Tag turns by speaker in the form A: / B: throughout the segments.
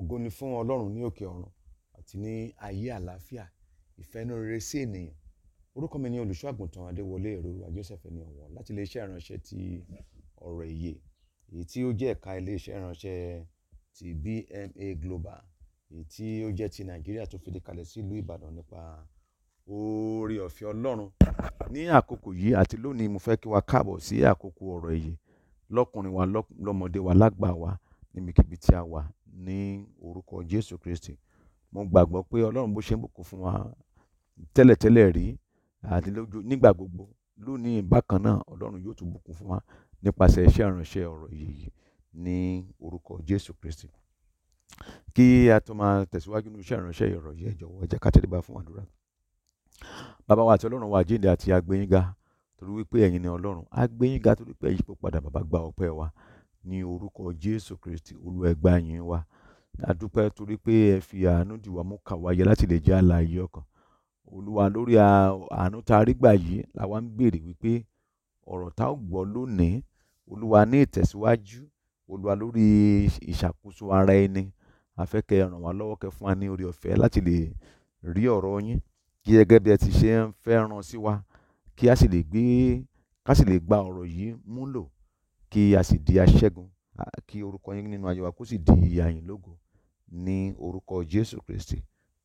A: ògo ni fún ọlọ́run ní òkè ọ̀run àti ní ayé àlàáfíà ìfẹ́nu rere sí ènìyàn orúkọ mi ni olùṣọ́ àgùntàn adéwọlé èròwà joseph ẹni ọ̀wọ́ láti iléeṣẹ́ ìránṣẹ́ ti ọ̀rọ̀ ìyè èyí tí ó jẹ́ ẹ̀ka iléeṣẹ́ ìránṣẹ́ ti bma global èyí tí ó jẹ́ ti nàìjíríà tó fìdí kalẹ̀ sílùú ìbàdàn nípa oore ọ̀fẹ́ ọlọ́run ní àkókò yìí àti lónìí mo fẹ́ kí wa káàbọ̀ sí àkókò ọ̀rọ̀ ìyè lọ́kùnrin wa lọ́mọdé wa lágbà wa níbikíbi tí a wà ní orúkọ Jésù Kristi. Mo gbàgbọ́ pé Ọlọ́run bó ṣe ń bùkún fún wa tẹ́lẹ̀tẹ́lẹ̀ rí àti lójú nígbà gbogbo lónìí bákan náà Ọlọ́run yóò tún bùkún fún wa nípasẹ̀ iṣẹ́ ìránṣẹ́ ọ̀rọ̀ yìí ní orúkọ Jésù Kristi. Kí a tó máa tẹ̀síwájú ní iṣẹ́ ìránṣẹ́ ọ̀rọ̀ yìí ẹ jọ̀wọ́ ẹ jẹ́ ká tẹ̀lé bá fún àdúrà. Bàbá wa àti Ọlọ́run wa àjíǹde àti agbẹ́yìnga torí wípé ẹ̀yin ni Ọlọ́run agbẹ́yìnga torí pé ẹ̀yin pípadà bàbá gba ọpẹ́ wa ní orúkọ jésù kristi olúwa ẹ gbà yìn wa adúpẹ́ torí pé ẹ fi àánú dìwà mú kà wáyé láti lè jẹ́ àlàyé ọkàn olúwa lórí àánú tá a rí gbà yìí làwa ń béèrè wípé ọ̀rọ̀ tá ò gbọ́ lónìí olúwa ní ìtẹ̀síwájú olúwa lórí ìṣàkóso ara ẹni afẹ́kẹ́ ràn wá lọ́wọ́ kẹ́ fún wa ní orí ọ̀fẹ́ láti lè rí ọ̀rọ̀ yín kí gẹ́gẹ́ bí ẹ ti ṣe ń fẹ́ ràn sí wa kí a sì lè gbé ká sì lè gba ọ̀rọ̀ yìí múlò kí a sì di aṣẹ́gun kí orúkọ yín nínú ayé wa kó sì di ìyàyìn lógo ní orúkọ Jésù Kristi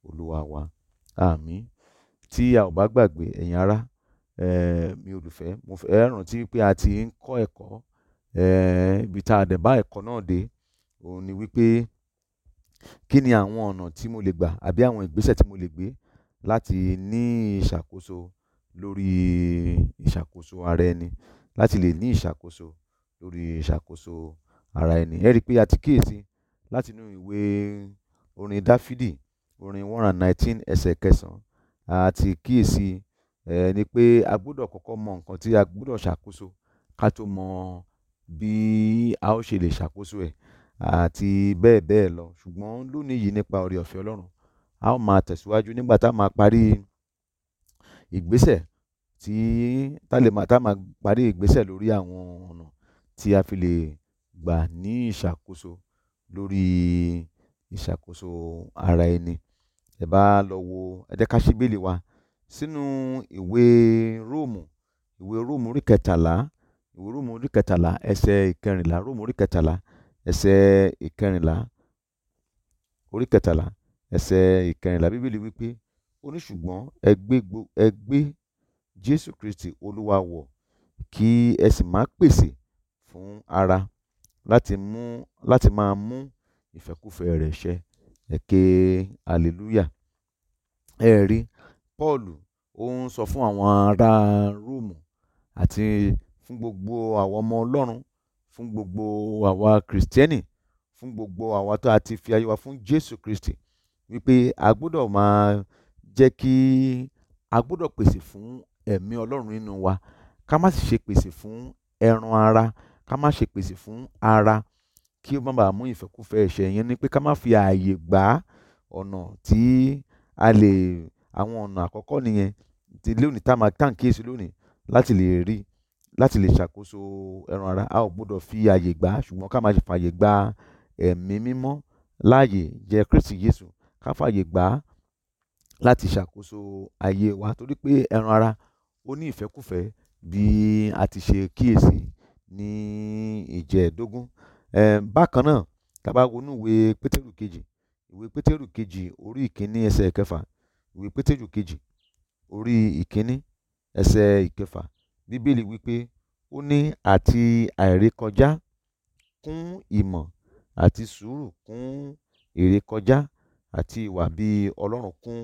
A: olúwa wa àmín tí a ò bá gbàgbé ẹ̀yin ará mi olùfẹ́ mo fẹ́ rántí pé a ti ń kọ́ ẹ̀kọ́ ibi tá a dẹ̀ bá ẹ̀kọ́ náà dé òun ni wípé kí ni àwọn ọ̀nà tí mo lè gbà àbí àwọn ìgbésẹ̀ tí mo lè gbé láti ní ìṣàkóso lórí ìṣàkóso ara ẹni láti lè ní ìṣàkóso lórí ìṣàkóso ara ẹni ẹ rí i pé a ti kíyèsí láti inú ìwé orin dáfídì orin one hundred nineteen ẹsẹ̀ kẹsàn-án a ti kíyèsí ẹ ni pé a gbọ́dọ̀ kọ́kọ́ mọ nǹkan tí a gbọ́dọ̀ ṣàkóso ká tó mọ bí a ó ṣe lè ṣàkóso ẹ̀ àti bẹ́ẹ̀ bẹ́ẹ̀ lọ ṣùgbọ́n lónìí yìí nípa ọ̀rẹ́ ọ̀fẹ́ ọlọ́run a ó máa tẹ̀síwájú nígbà tá a máa parí ìgbésẹ̀ tí tá a máa parí ìgbésẹ̀ lórí àwọn ọ̀nà tí a fi lè gbà ní ìṣàkóso lórí ìṣàkóso ara ẹni. Ẹ bá lọ wo, ẹ jẹ́ ká ṣí Bíbélì wa sínú ìwé Róòmù, ìwé Róòmù orí kẹtàlá, ìwé Róòmù orí kẹtàlá ẹsẹ̀ ìkẹrìnlá, Róòmù orí kẹtàlá ẹsẹ̀ ìkẹrìnlá, orí kẹtàlá ẹsẹ̀ ìkẹrìnlá. Bíbélì wí pé ó Jésù Kristi Olúwa wọ̀ kí ẹ sì máa pèsè fún ara láti mú láti máa mú ìfẹ́kúfẹ̀ẹ́ rẹ̀ ṣẹ ẹ̀kẹ́ hallelujah ẹ rí Paul ó ń sọ fún àwọn ará Róòmù àti fún gbogbo àwọn ọmọ Ọlọ́run fún gbogbo àwa Kristẹni fún gbogbo àwa tó a ti fi ayé wa fún Jésù Kristi wípé a gbọ́dọ̀ máa jẹ́ kí a gbọ́dọ̀ pèsè fún ẹ̀mí Ọlọ́run nínú wa ká má sì ṣe pèsè fún ẹran ara ká má ṣe pèsè fún ara kí ó má bàa mú ìfẹ́kúfẹ́ ẹ̀ṣẹ̀ yẹn ni pé ká má fi ààyè gbà ọ̀nà tí a lè àwọn ọ̀nà àkọ́kọ́ nìyẹn ti lónìí tá a máa tàn kíyèsí lónìí láti lè rí láti lè ṣàkóso ẹran ara a ò gbọ́dọ̀ fi ààyè gbà ṣùgbọ́n ká má ṣe fààyè gba ẹ̀mí mímọ́ láàyè jẹ́ Kristi Jésù ká fààyè gbà láti ṣàkóso ayé wa torí pé ẹran ara ó ní ìfẹ́kúfẹ́ bí a ti ṣe kíyèsí ní ìjẹ́ẹ̀dógún bákan náà tàbá wọnú ìwé pétérù kejì ìwé pétérù kejì orí ìkíní ẹsẹ̀ ìkẹfà ìwé pétérù kejì orí ìkíní ẹsẹ̀ ìkẹfà bíbélì wípé ó ní àti àìrékọjá kún ìmọ̀ àti sùúrù kún ìrékọjá àti ìwà bí ọlọ́run kún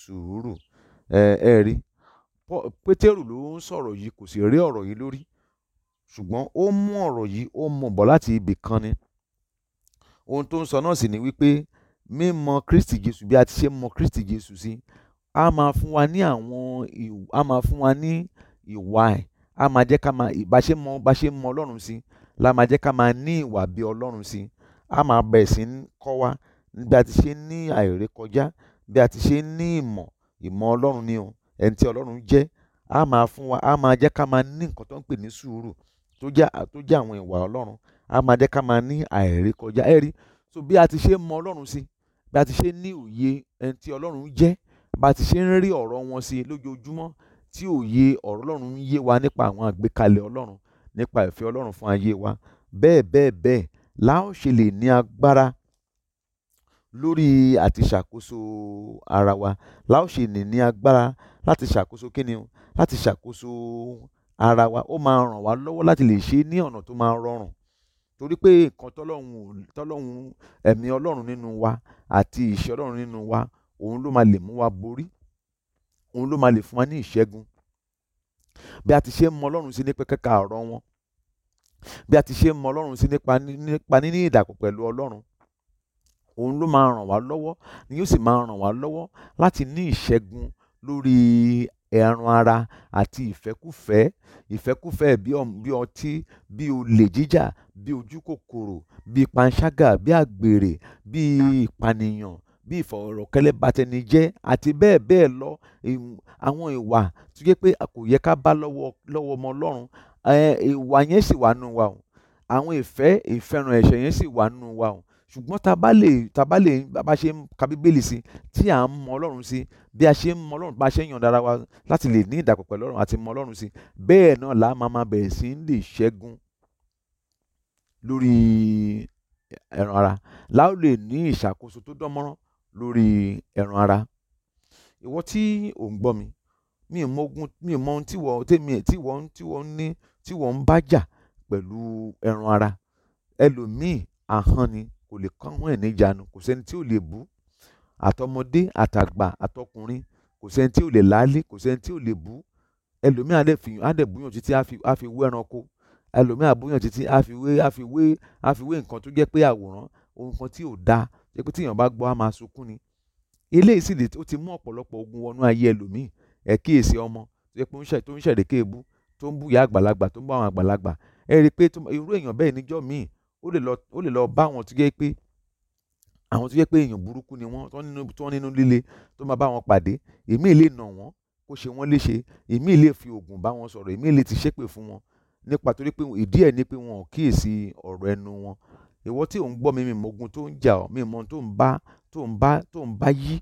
A: sùúrù ẹ ẹ rí pétérù ló ń sọ̀rọ̀ yìí kò sì rí ọ̀rọ̀ yìí lórí ṣùgbọ́n ó mú ọ̀rọ̀ yìí ó mú bọ̀ láti ibì kan ni ohun tó ń sọ náà sì ni wípé mímọ Kristi Jésù bí a ti ṣe mọ Kristi Jésù sí a máa fún wa ní àwọn a máa fún wa ní ìwà ẹ̀ a máa jẹ́ ká máa bá ṣe mọ bá ṣe mọ Ọlọ́run sí la máa jẹ́ ká máa ní ìwà bí Ọlọ́run sí a máa bẹ̀rẹ̀ sí ń kọ́ wa bí a ti ṣe ní àìrékọjá bí a ti ṣe ní ìmọ̀ ìmọ̀ Ọlọ́run ni o ẹni tí Ọlọ́run jẹ́ a máa fún wa a máa jẹ́ ká máa ní nǹkan tó ń pè ní sùúrù tó jẹ́ tó jẹ́ àwọn ìwà ọlọ́run a máa jẹ́ ká máa ní àìrékọjá ẹ rí so bí a ti ṣe mọ ọlọ́run sí bí a ti ṣe ní òye ẹni tí ọlọ́run jẹ́ bá a ti ṣe ń rí ọ̀rọ̀ wọn sí lójoojúmọ́ tí òye ọ̀rọ̀ ọlọ́run ń yé wa nípa àwọn àgbékalẹ̀ ọlọ́run nípa ìfẹ́ ọlọ́run fún ayé wa bẹ́ẹ̀ bẹ́ẹ̀ bẹ́ẹ̀ la ó ṣe lè ní agbára lórí àti ṣàkóso ara wa la ṣe lè ní agbára láti ṣàkóso kíni láti ṣàkóso ara wa ó máa ràn wá lọ́wọ́ láti lè ṣe é ní ọ̀nà tó máa rọrùn torí pé nǹkan tọ́lọ́hun tọ́lọ́hun ẹ̀mí ọlọ́run nínú wa àti ìṣẹ́ ọlọ́run nínú wa òun ló máa lè mú wa borí òun ló máa lè fún wa ní ìṣẹ́gun bí a ti ṣe ń mọ ọlọ́run sí nípa kẹ́kà ọ̀rọ̀ wọn bí a ti ṣe ń mọ ọlọ́run sí nípa níní ìdàpọ̀ pẹ̀lú ọlọ́run òun ló máa ràn wá lọ́wọ́ ni yóò sì máa ràn wá lọ́wọ́ láti ní ìṣẹ́gun lórí ẹran ara àti ìfẹ́kùfẹ́ ìfẹ́kùfẹ́ bí ọtí bí olè jíjà bí ojúkòkòrò bí panṣágà bí àgbèrè bí ìpànìyàn bí ìfọ̀rọ̀kẹ́lẹ́bàtẹnijẹ́ àti bẹ́ẹ̀ bẹ́ẹ̀ lọ àwọn ìwà tó yẹ pé kò yẹ ká bá lọ́wọ́ ọmọ ọlọ́run ìwà yẹn sì wà nù wa o àwọn ìfẹ́ ìfẹ́ràn ẹ̀ṣẹ̀ yẹn sì wà nù wa o ṣùgbọ́n tá a bá lè tá a bá lè bá a ṣe ń ka bíbélì sí tí à ń mọ ọlọ́run sí bí a ṣe ń mọ ọlọ́run bá a ṣe ń yàn dára wa láti lè ní ìdàpọ̀ pẹ̀lú ọlọ́run àti mọ ọlọ́run sí bẹ́ẹ̀ náà là máa máa bẹ̀rẹ̀ sí ń lè ṣẹ́gun lórí ẹran ara là lè ní ìṣàkóso tó dánmọ́rán lórí ẹran ara ìwọ tí ò ń gbọ́ mi mi ò mọ̀gun mi ò mọ ohun tí wọ́n tèmi ẹ̀ tí wọ́n tí wọ́n ní tí wọ́n ń bá jà pẹ̀lú ẹran ara ẹlòmíì ahọ́n ni kò lè káwọn ẹ̀ níjànú kò sẹ́ni tí ò lè bú àtọmọdé àtàgbà àtọkùnrin kò sẹ́ni tí ò lè láálé kò sẹ́ni tí ò lè bú ẹlòmíà á dẹ̀ fìyàn á dẹ̀ búyàn títí á fi wé ẹranko ẹlòmíà búyàn títí á fi wé á fi wé á fi wé nǹkan tó jẹ́ pé àwòrán ohun kan tí ò dáa jẹ́ pé tíyàn bá gbọ́ á máa sunkún ni eléyìí sì lè ó ti mú ọ̀pọ̀lọpọ̀ ogun wọnú ayé ẹlòmíì ẹ̀ kíyèsí ọmọ tó ń ṣẹ̀dẹ̀kẹ́ tó ń búyà ó lè lọ ó lè lọ bá àwọn tó jẹ́ pé àwọn tó jẹ́ pé èèyàn burúkú ni wọ́n tó nínú tó nínú líle tó máa bá wọn pàdé èmi lè nà wọ́n kó ṣe wọ́n léṣe èmi lè fi oògùn bá wọn sọ̀rọ̀ èmi lè ti ṣépè fún wọn nípa torí pé ìdí ẹ̀ ni pé wọn ò kíyèsí ọ̀rọ̀ ẹnu wọn ìwọ tí ò ń gbọ́ mi mi mọ̀gun tó ń jà ọ́ mi mọ̀ tó ń bá tó ń bá tó ń bá yí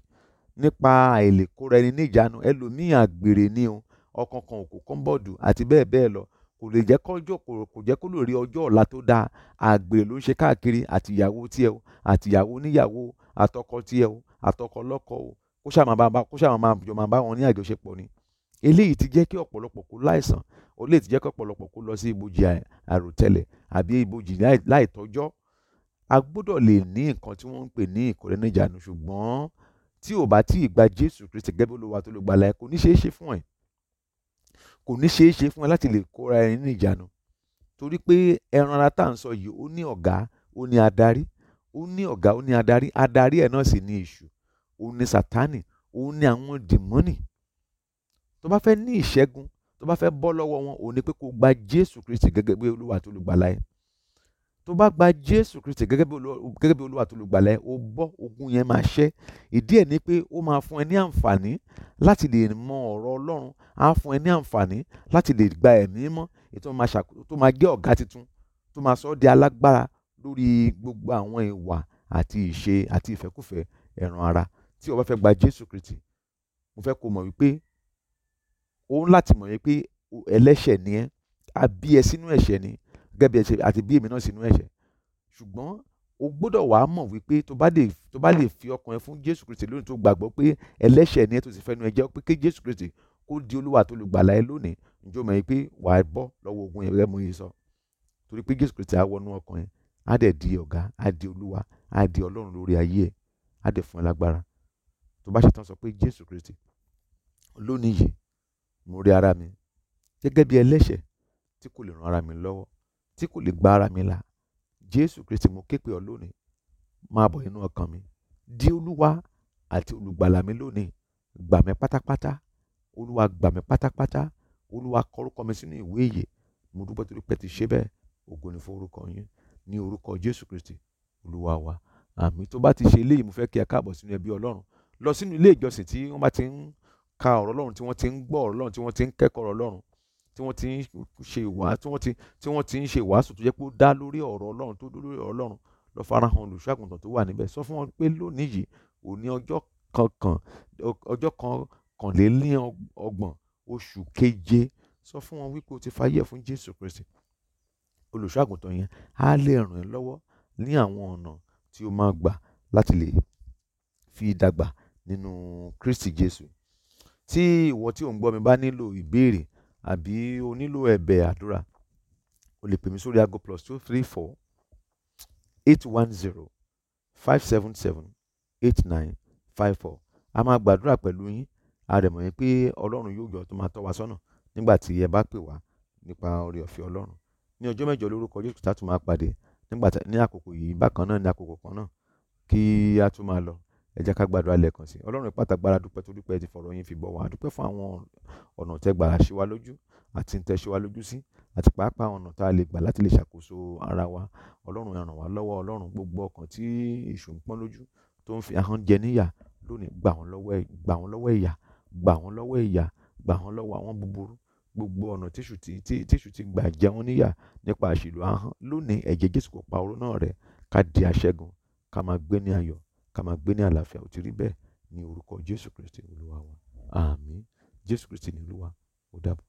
A: nípa àìlèkóra ẹni níjàánu ẹlòmíì àgbèrè ni o ọkàn kan òkú kọ́ńbọ̀dù àti bẹ́ẹ̀ bẹ́ẹ̀ lọ kò lè jẹ́ kọ́jọ́ kò jẹ́ kó lè rí ọjọ́ ọ̀la tó dáa àgbèrè ló ń ṣe káàkiri àtìyàwó tiẹ̀ o àtìyàwó níyàwó àtọkọ tiẹ̀ o àtọkọ lọ́kọ o kó ṣàmà bá kó ṣàmà máa jọ máa bá wọn ní àjọṣepọ̀ ni eléyìí ti jẹ́ kí ọ̀pọ̀lọpọ̀ kó láìsàn ó lè ti jẹ́ kí ọ̀pọ̀lọpọ̀ kó lọ sí ibojì àròtẹ́lẹ̀ àbí ibojì láìtọ́jọ́ a gbọ́dọ̀ lè ní nǹkan tí wọ́n ń pè ní ìkórẹ́nìjànú ṣùgbọ́n tí ò bá tí ì gba Jésù Kristi gẹ́gẹ́ bí Olúwa tó lè gbàlà kò ní ṣeé ṣe fún ẹ̀ kò ní ṣeé ṣe fún ẹ láti lè kóra ẹni ní ìjánu torí pé ẹran ara tá à ń sọ yìí ó ní ọ̀gá ó ní adarí ó ní ọ̀gá ó ní adarí adarí ẹ̀ náà sì ní èṣù ó ní sátánì ó ní àwọn dìmọ́nì tó bá fẹ́ ní ìṣẹ́gun tó bá fẹ́ bọ́ lọ́wọ́ wọn ó ní pé kó gba Jésù Kristi gẹ́gẹ́ bí olúwa tó lùgbàlà yẹn tó bá gba jésù kristi gẹ́gẹ́ bí olúwa tó lùgbàlẹ̀ o bọ́ ogun yẹn máa ṣẹ́ ìdí ẹ̀ ni pé ó máa fún ẹ ní àǹfààní láti lè mọ ọ̀rọ̀ ọlọ́run á fún ẹ ní àǹfààní láti lè gba ẹ̀mí mọ́ tó máa gé ọ̀gá tuntun tó máa sọ ọ́ di alágbára lórí gbogbo àwọn ìwà àti ìṣe àti ìfẹ́kùfẹ́ ẹran ara tí o bá fẹ́ gba jésù kristi mo fẹ́ kó mọ̀ wípé òun láti mọ̀ wípé ẹlẹ́ṣẹ̀ ni ẹ́ àbí ẹ sínú ẹ̀ṣẹ̀ ni gẹ́gẹ́ bí ẹ ṣe àti bí èmi náà sínú ẹ̀ṣẹ̀ ṣùgbọ́n o gbọ́dọ̀ wàá mọ̀ wípé tó bá lè tó bá lè fi ọkàn ẹ fún Jésù Kristi lónìí tó gbàgbọ́ pé ẹlẹ́ṣẹ̀ ni ẹ tó sì fẹ́nu ẹ jẹ́ pé kí Jésù Kristi kó di olúwa tó lè gbàlà ẹ lónìí ǹjọ́ mọ̀ yìí pé wàá bọ́ lọ́wọ́ ogun ẹ̀rẹ́ mo yìí sọ torí pé Jésù Kristi á wọnú ọkàn ẹ á dẹ̀ di ọ̀gá á di olúwa á di ọlọ́run lórí ayé ẹ á dẹ̀ fún ẹ lágbára tó bá ṣetán sọ pé Jésù Kristi lónìí yìí mo rí ara mi gẹ́gẹ́ bí ẹlẹ́ṣẹ̀ tí kò lè ran ara mi lọ́wọ́ tí kò lè gba ara mi là jésù kristi mo ké pe ọ lónìí máa bọ̀ inú ọkàn mi di olúwa àti olùgbàlà mi lónìí gbà mí pátápátá olúwa gbà mí pátápátá olúwa kọ mi sínú ìwé ìyè mo dúpẹ́ torí pé ti ṣe bẹ́ẹ̀ ògo ni fún orúkọ yín ní orúkọ jésù kristi olúwa wa àmì tó bá ti ṣe eléyìí mo fẹ́ kí ẹ káàbọ̀ sínú ẹbí ọlọ́run lọ sínú ilé ìjọsìn tí wọ́n bá ti ń ka ọ̀rọ̀ ọlọ́run tí wọ́n ti ń gbọ́ ọ̀rọ̀ ọlọ́run tí wọ́n ti ń kẹ́kọ̀ọ́ ọ̀rọ̀ ọlọ́run tí wọ́n ti ń ṣe ìwà tí wọ́n ti tí wọ́n ti ń ṣe ìwàásù tó jẹ́ pé ó dá lórí ọ̀rọ̀ Ọlọ́run tó lórí ọ̀rọ̀ Ọlọ́run lọ farahàn olùṣọ́àgùntàn tó wà níbẹ̀ sọ fún wọn pé lónìí yìí òní ọjọ́ kankan ọjọ́ kankanlélọ́gbọ̀n oṣù keje sọ fún wọn wípé o ti fayé fún Jésù Kristi olùṣọ́àgùntàn yẹn á lè ràn ẹ́ lọ́wọ́ ní àwọn ọ̀nà tí o máa gbà láti lè fi dàgbà nínú Kristi Jésù tí ìwọ tí ò ń gbọ́ mi bá nílò ìbéèrè àbí o nílò ẹ̀bẹ̀ àdúrà o lè pè mí sórí aago plus two three four eight one zero five seven seven eight nine five four a máa gbàdúrà pẹ̀lú yín a rẹ̀ mọ̀ yín pé ọlọ́run yóò yọ tó máa tọ́ wa sọ́nà nígbà tí ẹ bá pè wá nípa oore ọ̀fẹ́ ọlọ́run ní ọjọ́ mẹ́jọ lórúkọ Jésù tá a tún máa pàdé nígbà ní àkókò yìí bákan náà ní àkókò kan náà kí a tún máa lọ ẹ jẹ́ ká gbàdúrà lẹ́ẹ̀kan sí ọlọ́run ìpàtàgbára dúpẹ́ tó dúpẹ́ ti fọ̀rọ̀ yín fi bọ̀ wá dúpẹ́ fún àwọn ọ̀nà tẹ́ gbà ṣe wá lójú àti tẹ́ ṣe wá lójú sí àti pàápàá ọ̀nà tá a lè gbà láti lè ṣàkóso ara wa ọlọ́run ràn wá lọ́wọ́ ọlọ́run gbogbo ọkàn tí èṣù ń pọ́n lójú tó ń fi ahọ́n jẹ níyà lónìí gbà wọ́n lọ́wọ́ ìyà gbà wọ́n lọ́wọ́ ìyà gbà wọ́n lọ́wọ́ àwọn búburú gbogbo ọ̀nà tíṣù ti tíṣù ti gbà jẹ wọ́n níyà nípa àṣìlò ahọ́n lónìí ẹ̀jẹ̀ Jésù kò pa oró náà rẹ̀ ká di aṣẹ́gun ká máa gbé ní ayọ̀ ká máa gbé ní àlàáfíà ó ti rí bẹ́ẹ̀ ní orúkọ Jésù Kristi olúwa wa àmín Jésù Kristi ni olúwa ó dàbọ̀.